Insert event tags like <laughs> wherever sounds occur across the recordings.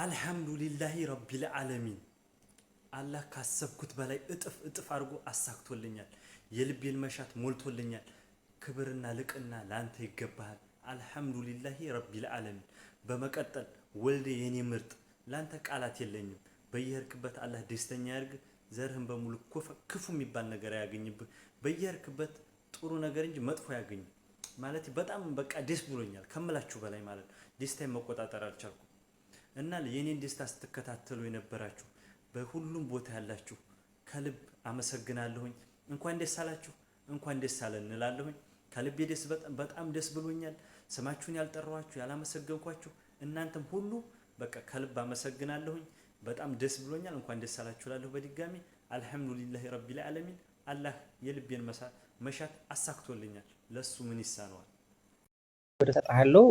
አልሐምዱሊላሂ ረቢል ዓለሚን አላህ ካሰብኩት በላይ እጥፍ እጥፍ አድርጎ አሳክቶልኛል። የልቤን መሻት ሞልቶልኛል። ክብርና ልቅና ለአንተ ይገባሃል። አልሐምዱሊላሂ ረቢል ዓለሚን። በመቀጠል ወልዴ የኔ ምርጥ ለአንተ ቃላት የለኝም። በየሄድክበት አላህ ደስተኛ ያርግ። ዘርህን በሙሉ ክፉ የሚባል ነገር አያገኝብህ። በየሄድክበት ጥሩ ነገር እንጂ መጥፎ አያገኝም። ማለት በጣም በቃ ደስ ብሎኛል ከምላችሁ በላይ ማለት ደስታዬን መቆጣጠር አልቻልኩም። እና የኔን ደስታ ስትከታተሉ የነበራችሁ በሁሉም ቦታ ያላችሁ ከልብ አመሰግናለሁኝ። እንኳን ደስ አላችሁ፣ እንኳን ደስ አለን እንላለሁኝ። ከልቤ ደስ በጣም ደስ ብሎኛል። ስማችሁን ያልጠራኋችሁ ያላመሰገንኳችሁ እናንተም ሁሉ በቃ ከልብ አመሰግናለሁኝ። በጣም ደስ ብሎኛል። እንኳን ደስ አላችሁ እላለሁ በድጋሚ አልሐምዱሊላህ ረቢል ዓለሚን። አላህ የልቤን መሻት አሳክቶልኛል። ለሱ ምን ይሳነዋል? ወደ ሰጥሃለሁ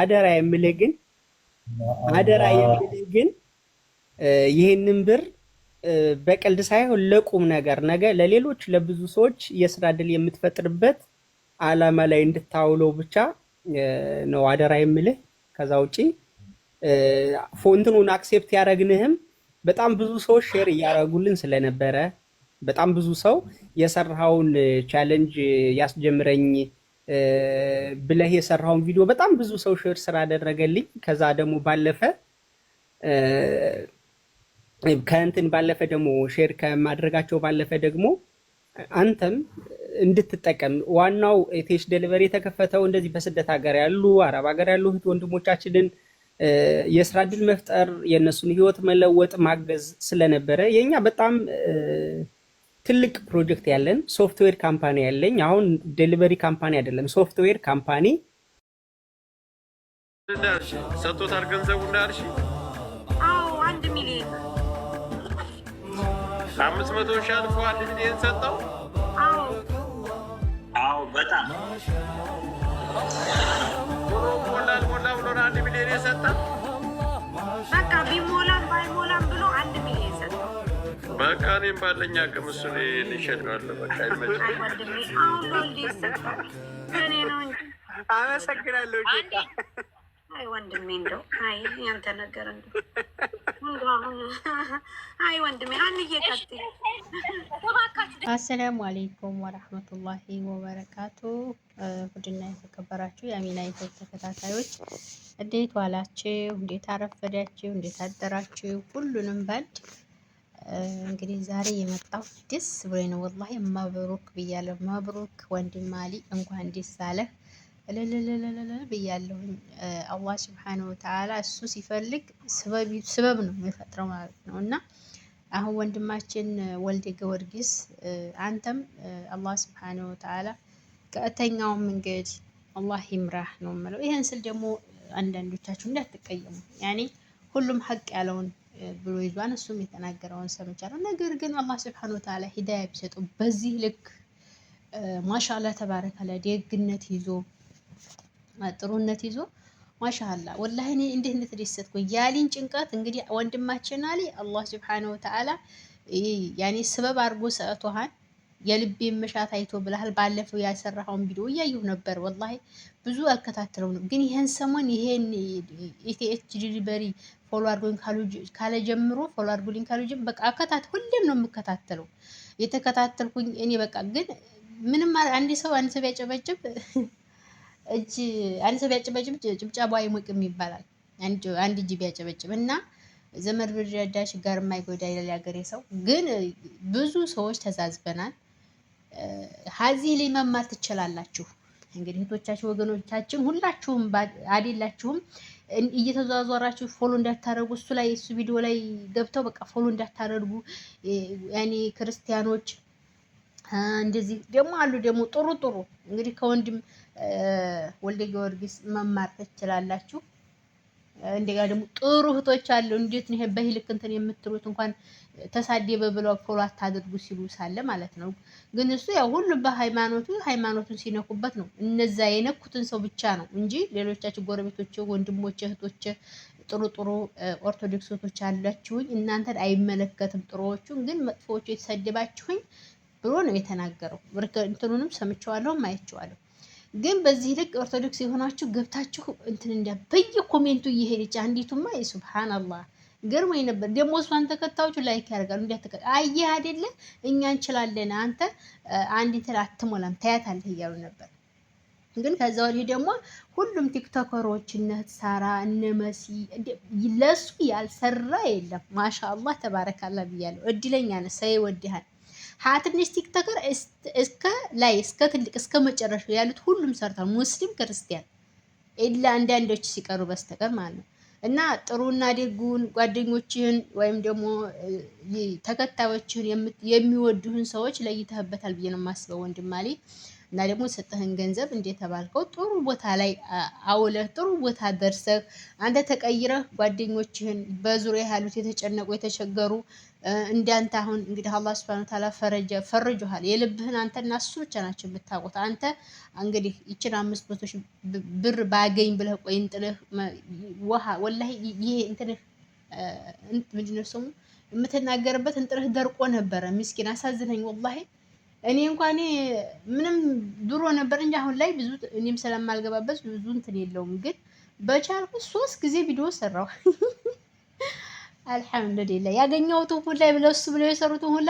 አደራ የምልህ ግን አደራ የሚል ግን ይህንን ብር በቀልድ ሳይሆን ለቁም ነገር ነገ ለሌሎች ለብዙ ሰዎች የስራ እድል የምትፈጥርበት አላማ ላይ እንድታውለው ብቻ ነው አደራ የምልህ። ከዛ ውጪ ፎንትኑን አክሴፕት ያደረግንህም በጣም ብዙ ሰዎች ሼር እያደረጉልን ስለነበረ በጣም ብዙ ሰው የሰራውን ቻለንጅ ያስጀምረኝ ብለህ የሰራውን ቪዲዮ በጣም ብዙ ሰው ሼር አደረገልኝ። ከዛ ደግሞ ባለፈ ከእንትን ባለፈ ደግሞ ሼር ከማድረጋቸው ባለፈ ደግሞ አንተም እንድትጠቀም ዋናው ቴሽ ደሊቨሪ የተከፈተው እንደዚህ በስደት ሀገር ያሉ አረብ ሀገር ያሉ እህት ወንድሞቻችንን የስራ እድል መፍጠር የእነሱን ህይወት መለወጥ ማገዝ ስለነበረ የኛ በጣም ትልቅ ፕሮጀክት ያለን ሶፍትዌር ካምፓኒ ያለኝ አሁን ዴሊቨሪ ካምፓኒ አይደለም፣ ሶፍትዌር ካምፓኒ ሰጥቶታል። ገንዘቡ እንዳልሽ አንድ ሚሊዮን አምስት መቶ ሺህ አልፎ አንድ ሚሊዮን ሰጠው። አዎ በጣም ሞላ ብሎ አንድ ሚሊዮን የሰጠ በቃ ቢሞላ በቃ እኔም ባለኝ አቅም እሱ በቃ አመሰግናለሁ። አይ ወንድሜ እንደው አይ ያንተ ነገር አይ ወንድሜ አንዬ አሰላሙ አሌይኩም ወረህመቱላሂ ወበረካቱ። ውድና የተከበራችሁ የአሚና ኢትዮፕ ተከታታዮች እንዴት ዋላችሁ? እንዴት አረፈዳችሁ? እንዴት አደራችሁ? ሁሉንም በድ እንግዲህ ዛሬ የመጣው ደስ ብሎ ነው። ወላሂ መብሩክ ብያለሁ። መብሩክ ወንድም አሊ እንኳን ደስ አለህ እልልልልልል ብያለሁኝ። አላህ ስብሓን ወተዓላ እሱ ሲፈልግ ስበብ ነው የሚፈጥረው ማለት ነው እና አሁን ወንድማችን ወልደ ጊዮርጊስ አንተም አላህ ስብሓን ወተዓላ ቀጥተኛው መንገድ አላህ ይምራህ ነው የምለው። ይህን ስል ደግሞ አንዳንዶቻችሁ እንዳትቀየሙ ያኔ ሁሉም ሀቅ ያለውን ብሎ ይዟን እሱም የተናገረውን ሰምቻለሁ። ነገር ግን አላህ ስብሐነ ወተዓላ ሂዳያ ቢሰጡ በዚህ ልክ ማሻላ ተባረካላ ደግነት ይዞ ጥሩነት ይዞ ማሻላ ወላሂ እኔ እንዴት እንደተደሰትኩኝ ያሊን ጭንቀት እንግዲህ ወንድማችን አሊ አላህ ስብሐነ ወተዓላ ያኔ ስበብ አድርጎ ሰጥቶሃል። የልቤ መሻት አይቶ ብለሃል። ባለፈው ያሰራኸውን ቪዲዮ እያየሁ ነበር። ወላሂ ብዙ አልከታተለው ነው፣ ግን ይሄን ሰሞን ይሄን ኢቲኤች ዲሊቨሪ ፎሎ አድርጎኝ ካለ ጀምሮ ፎሎ አድርጎኝ ካለ ጀምሮ በቃ አከታት ሁሌም ነው የምከታተለው። የተከታተልኩኝ እኔ በቃ ግን ምንም አንድ ሰው አንድ ሰው ቢያጨበጭብ <laughs> እጅ አንድ ሰው ቢያጨበጭብ ጭብጨባ አይሞቅም ይባላል። አንድ እጅ ቢያጨበጭብ እና ዘመድ ብርዳዳሽ ጋር የማይጎዳ ይላል ያገሬ ሰው። ግን ብዙ ሰዎች ተዛዝበናል። ሀዚ ላይ መማር ትችላላችሁ። እንግዲህ እህቶቻችሁ፣ ወገኖቻችን ሁላችሁም አይደላችሁም እየተዟዟራችሁ ፎሎ እንዳታደርጉ እሱ ላይ እሱ ቪዲዮ ላይ ገብተው በቃ ፎሎ እንዳታደርጉ ያኔ ክርስቲያኖች እንደዚህ ደግሞ አሉ። ደግሞ ጥሩ ጥሩ እንግዲህ ከወንድም ወልደ ጊዮርጊስ መማር ትችላላችሁ። እንደገና ደግሞ ጥሩ እህቶች አሉ። እንዴት ነው ይሄ በሂልክ እንትን የምትሉት? እንኳን ተሳደበ ብለው ፎሎ አታድርጉ ሲሉ ሳለ ማለት ነው። ግን እሱ ያው ሁሉ በሃይማኖቱ ሃይማኖቱን ሲነኩበት ነው። እነዛ የነኩትን ሰው ብቻ ነው እንጂ ሌሎቻችሁ ጎረቤቶች፣ ወንድሞች፣ እህቶች ጥሩ ጥሩ ኦርቶዶክስ እህቶች አላችሁኝ እናንተን አይመለከትም። ጥሩዎቹን ግን መጥፎዎቹ የተሰደባችሁኝ ብሎ ነው የተናገረው። እንትኑንም ሰምቼዋለሁም አይቼዋለሁ። ግን በዚህ ልክ ኦርቶዶክስ የሆናችሁ ገብታችሁ እንትን እንደ በየ ኮሜንቱ እየሄደች አንዲቱማ ሱብሃናላህ ገርሞኝ ነበር። ደግሞ እሷን ተከታዮቹ ላይክ ያደርጋሉ ተከ አየህ አይደለ እኛ እንችላለን፣ አንተ አንድ እንትን አትሞላም ታያታለህ እያሉ ነበር። ግን ከዛ ወዲህ ደግሞ ሁሉም ቲክቶከሮች እነ ሳራ እነ መሲ ለሱ ያልሰራ የለም። ማሻአላህ ተባረካላ ብያለሁ። እድለኛ ነህ፣ ሰው ይወድሃል። ሀያ ትንሽ ቲክቶከር እስከ ላይ እስከ ትልቅ እስከ መጨረሻው ያሉት ሁሉም ሰርተዋል። ሙስሊም ክርስቲያን ኢላ አንዳንዶች ሲቀሩ በስተቀር ማለት ነው። እና ጥሩና ደጉን ጓደኞችህን ወይም ደግሞ ተከታዮችህን የሚወዱህን ሰዎች ለይተህበታል ብዬ ነው የማስበው ወንድም እና ደግሞ ሰጠህን ገንዘብ እንደተባልከው ጥሩ ቦታ ላይ አውለህ ጥሩ ቦታ ደርሰህ አንተ ተቀይረህ ጓደኞችህን በዙሪያ ያሉት የተጨነቁ የተቸገሩ እንዳንተ አሁን እንግዲህ አላህ ሱብሃነሁ ወተዓላ ፈረጀ ፈርጆሃል። የልብህን አንተና እሱ ብቻ ናቸው የምታውቁት። አንተ እንግዲህ ይችን አምስት መቶ ብር ባገኝ ብለህ ቆይ እንጥልህ ውሃ ወላሂ ይሄ እንትንህ ምንድን ነው ስሙ የምትናገርበት እንጥልህ ደርቆ ነበረ። ምስኪን አሳዝነኝ ወላሂ። እኔ እንኳን ምንም ድሮ ነበር እንጂ አሁን ላይ ብዙ እኔም ስለማልገባበት ብዙ እንትን የለውም። ግን በቻልኩ ሶስት ጊዜ ቪዲዮ ሰራው። <laughs> አልሐምዱሊላ ያገኘሁትን ሁላ ብለው እሱ ብለው የሰሩትን ሁላ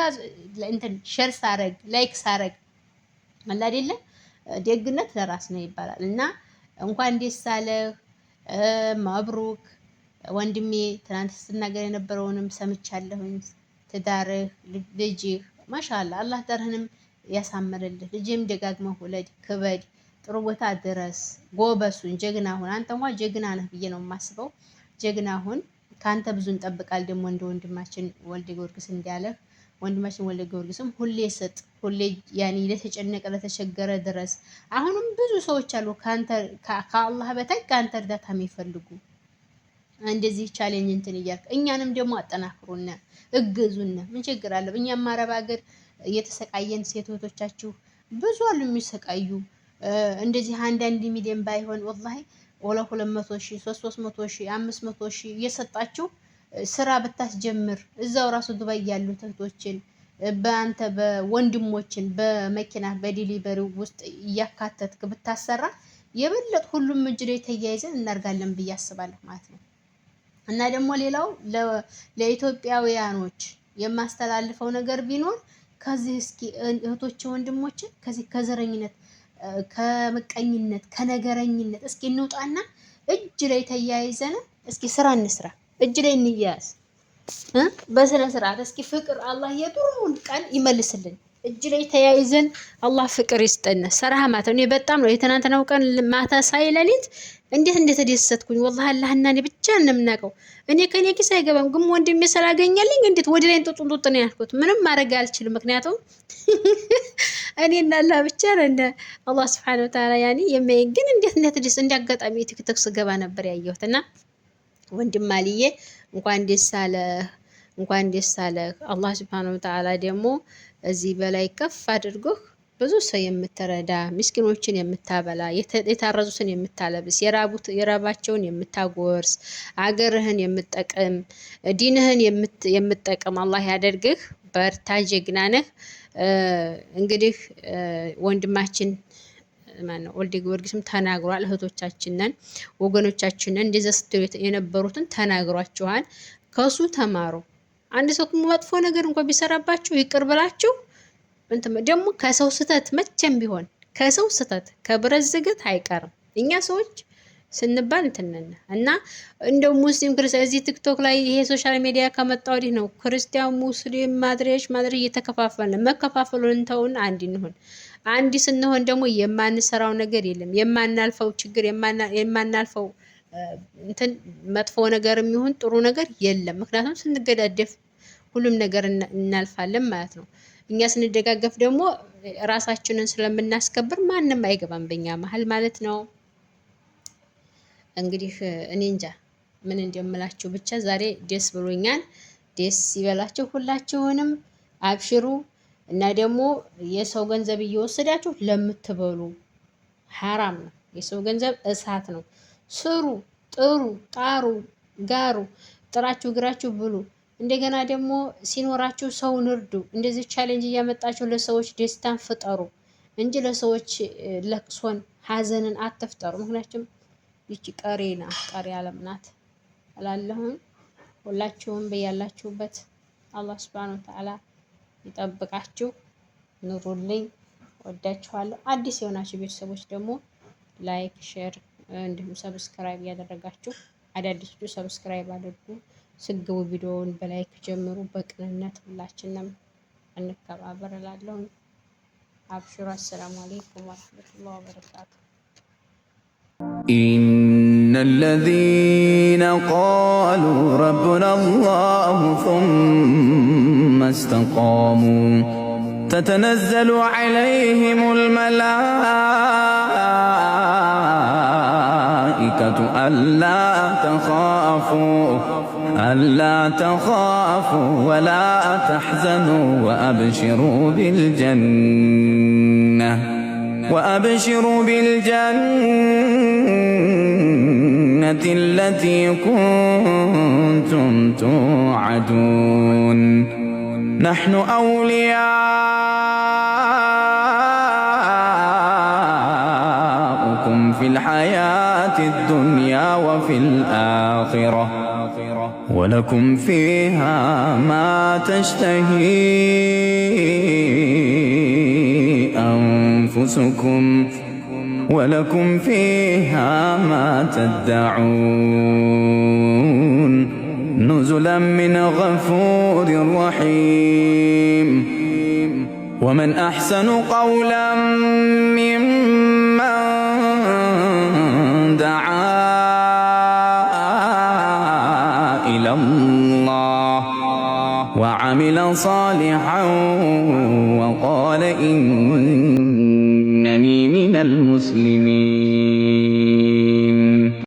እንትን ሸር ሳረግ ላይክ ሳረግ አለ አይደለ ደግነት ለራስ ነው ይባላል። እና እንኳን ደስ አለህ መብሩክ ወንድሜ። ትናንት ስትናገር የነበረውንም ሰምቻለሁኝ። ትዳርህ፣ ልጅህ ማሻላ አላህ ትዳርህንም ያሳምርልህ። ልጅህም ደጋግመህ ውለድ፣ ክበድ፣ ጥሩ ቦታ ድረስ፣ ጎበሱን ጀግና ሁን። አንተ እንኳን ጀግና ነህ ብዬ ነው የማስበው። ጀግና ሁን። ከአንተ ብዙ እንጠብቃል ደግሞ እንደ ወንድማችን ወልደ ጊዮርጊስ እንዳለ ወንድማችን ወልደ ጊዮርጊስም ሁሌ ስጥ፣ ሁሌ ያኔ ለተጨነቀ ለተቸገረ ድረስ። አሁንም ብዙ ሰዎች አሉ ከአላህ በታች ከአንተ እርዳታ የሚፈልጉ እንደዚህ ቻሌንጅ እንትን እያልክ እኛንም ደግሞ አጠናክሩና እግዙና፣ ምን ችግር አለው? እኛም አረብ ሀገር እየተሰቃየን ሴቶቻችሁ ብዙ አሉ የሚሰቃዩ እንደዚህ አንዳንድ ሚሊዮን ባይሆን ወላሂ ወለ 200 ሺ 300 ሺ 500 ሺ እየሰጣችሁ ስራ ብታስጀምር እዛው ራሱ ዱባይ ያሉ እህቶችን በአንተ በወንድሞችን በመኪና በዲሊቨሪ ውስጥ እያካተትክ ብታሰራ የበለጥ ሁሉም እጅ ላይ ተያይዘን እናርጋለን ብዬ አስባለሁ ማለት ነው። እና ደግሞ ሌላው ለኢትዮጵያውያኖች የማስተላልፈው ነገር ቢኖር ከዚህ እስኪ እህቶች ወንድሞችን ከዚህ ከዘረኝነት ከምቀኝነት ከነገረኝነት እስኪ እንውጣና እጅ ላይ ተያይዘን እስኪ ስራ እንስራ፣ እጅ ላይ እንያያዝ በስነ ስርዓት። እስኪ ፍቅር አላህ የጥሩውን ቀን ይመልስልን። እጅ ላይ ተያይዘን አላህ ፍቅር ይስጠን። ሰራሃ ማታ እኔ በጣም ነው የትናንትናው ቀን ማታ ሳይ ሌሊት እንዴት እንዴት ተደሰትኩኝ። ወላሂ አላህና እኔ ብቻ እንደምናውቀው እኔ ከኔ ኪስ አይገባም፣ ግን ወንድሜ ስላገኘልኝ እንዴት ወደ ላይ እንጡጡ እንጦጥ ነው ያልኩት። ምንም ማድረግ አልችልም፣ ምክንያቱም <laughs> እኔ እና አላህ ብቻ ነን። አላህ ሱብሓነሁ ወተዓላ ያኔ የሚያየኝ ግን እንዴት እንዴት ተደሰት። እንዳጋጣሚ ቲክቶክ ስገባ ነበር ያየሁት እና ወንድም አልዬ እንኳን ደስ አለህ፣ እንኳን ደስ አለህ። አላህ ሱብሓነሁ ወተዓላ ደግሞ እዚህ በላይ ከፍ አድርጎህ ብዙ ሰው የምትረዳ ምስኪኖችን የምታበላ የታረዙትን የምታለብስ የራባቸውን የምታጎርስ አገርህን የምጠቅም ዲንህን የምጠቅም አላህ ያደርግህ። በርታ፣ ጀግና ነህ። እንግዲህ ወንድማችን ማነው ወልዴ ጊዮርጊስም ተናግሯል። እህቶቻችንን ወገኖቻችንን እንደዛ ስትሉ የነበሩትን ተናግሯችኋል። ከሱ ተማሩ። አንድ ሰው መጥፎ ነገር እንኳን ቢሰራባችሁ ይቅር ብላችሁ ደግሞ ከሰው ስህተት መቼም ቢሆን ከሰው ስህተት ከብረት ዝገት አይቀርም። እኛ ሰዎች ስንባል እንትነን እና እንደ ሙስሊም ክርስቲያን እዚህ ቲክቶክ ላይ ይሄ ሶሻል ሚዲያ ከመጣ ወዲህ ነው ክርስቲያን ሙስሊም ማድሬሽ ማድሬ እየተከፋፈልን መከፋፈሉን እንተውን፣ አንድ እንሁን። አንድ ስንሆን ደግሞ የማንሰራው ነገር የለም የማናልፈው ችግር የማናልፈው እንትን መጥፎ ነገር የሚሆን ጥሩ ነገር የለም። ምክንያቱም ስንገዳደፍ ሁሉም ነገር እናልፋለን ማለት ነው። እኛ ስንደጋገፍ ደግሞ ራሳችንን ስለምናስከብር ማንም አይገባም በእኛ መሀል ማለት ነው። እንግዲህ እኔ እንጃ ምን እንደምላችሁ ብቻ ዛሬ ደስ ብሎኛል። ደስ ይበላችሁ ሁላችሁንም፣ አብሽሩ እና ደግሞ የሰው ገንዘብ እየወሰዳችሁ ለምትበሉ ሀራም ነው። የሰው ገንዘብ እሳት ነው። ስሩ፣ ጥሩ፣ ጣሩ፣ ጋሩ፣ ጥራችሁ እግራችሁ ብሉ። እንደገና ደግሞ ሲኖራችሁ ሰውን እርዱ። እንደዚህ ቻሌንጅ እያመጣችሁ ለሰዎች ደስታን ፍጠሩ እንጂ ለሰዎች ለቅሶን፣ ሀዘንን አትፍጠሩ። ምክንያቱም ይቺ ቀሪ ናት፣ ቀሪ ዓለም ናት ሁላችሁም በያላችሁበት አላህ ስብሃነ ወተዓላ ይጠብቃችሁ። ኑሩልኝ። ወዳችኋለሁ። አዲስ የሆናችሁ ቤተሰቦች ደግሞ ላይክ፣ ሼር እንዲሁም ሰብስክራይብ እያደረጋችሁ አዳዲሶቹ ሰብስክራይብ አድርጉ። ስግቡ ቪዲዮውን በላይክ ጀምሩ። በቅንነት ሁላችንም እንከባበር እላለሁ። አብሽሩ። አሰላሙ አሌይኩም ወረሕመቱላሂ ወበረካቱ። إن الذين قالوا ربنا الله ثم استقاموا تتنزل عليهم الملائكة الملائكة ألا تخافوا ألا تخافوا ولا تحزنوا وأبشروا بالجنة وأبشروا بالجنة التي كنتم توعدون نحن أولياء في الحياه الدنيا وفي الآخرة ولكم فيها ما تشتهي أنفسكم ولكم فيها ما تدعون نزلا من غفور رحيم ومن أحسن قولا ممن وعمل صالحا وقال إنني من المسلمين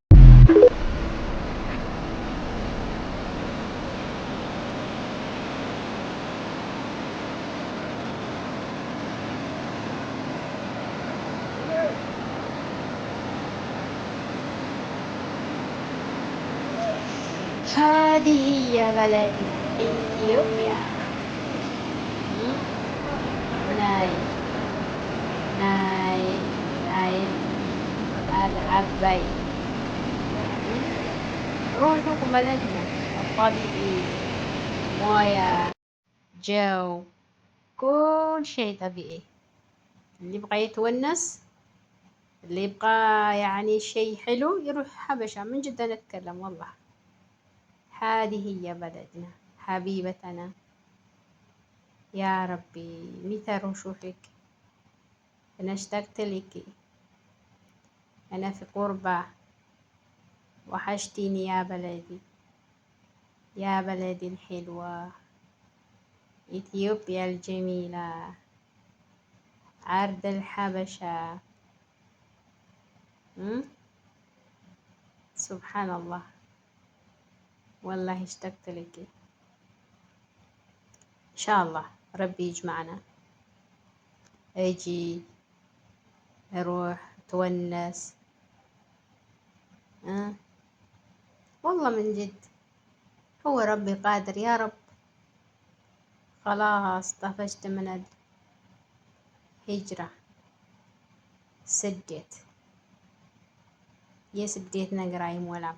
هذه هي بلدي العبين روحوا بلدنا الطبيعي موية جو كل شيء طبيعي اللي يبغى يتونس اللي يبغى يعني شيء حلو يروح حبشة من جد أنا أتكلم والله هذه هي بلدنا حبيبتنا يا ربي متى روح أنا اشتقت لك أنا في قربة وحشتيني يا بلدي يا بلدي الحلوة إثيوبيا الجميلة عرض الحبشة سبحان الله والله اشتقت لك إن شاء الله ربي يجمعنا أجي أروح تونس والله من جد هو ربي قادر يا رب خلاص طفشت من الهجرة ስደት የስደት ነገር አይሞላም።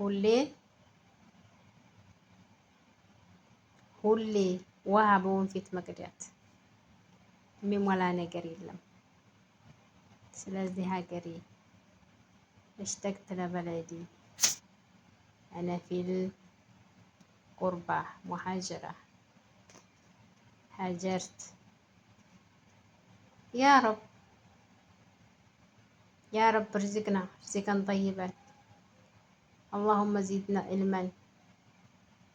ሁሌ ሁሌ ውሃ በወንፊት መቅዳት የሚሞላ ነገር የለም። ስለዚህ ሀገሬ اشتقت لبلدي أنا في القربة مهاجرة هاجرت يا رب يا رب ارزقنا رزقا طيبا اللهم زدنا علما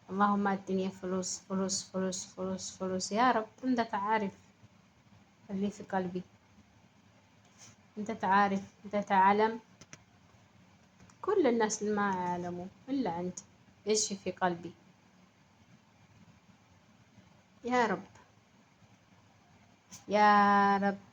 اللهم الدنيا فلوس فلوس فلوس فلوس فلوس يا رب انت تعرف اللي في قلبي انت تعرف انت تعلم كل الناس ما يعلموا إلا أنت ايش في قلبي يا رب يا رب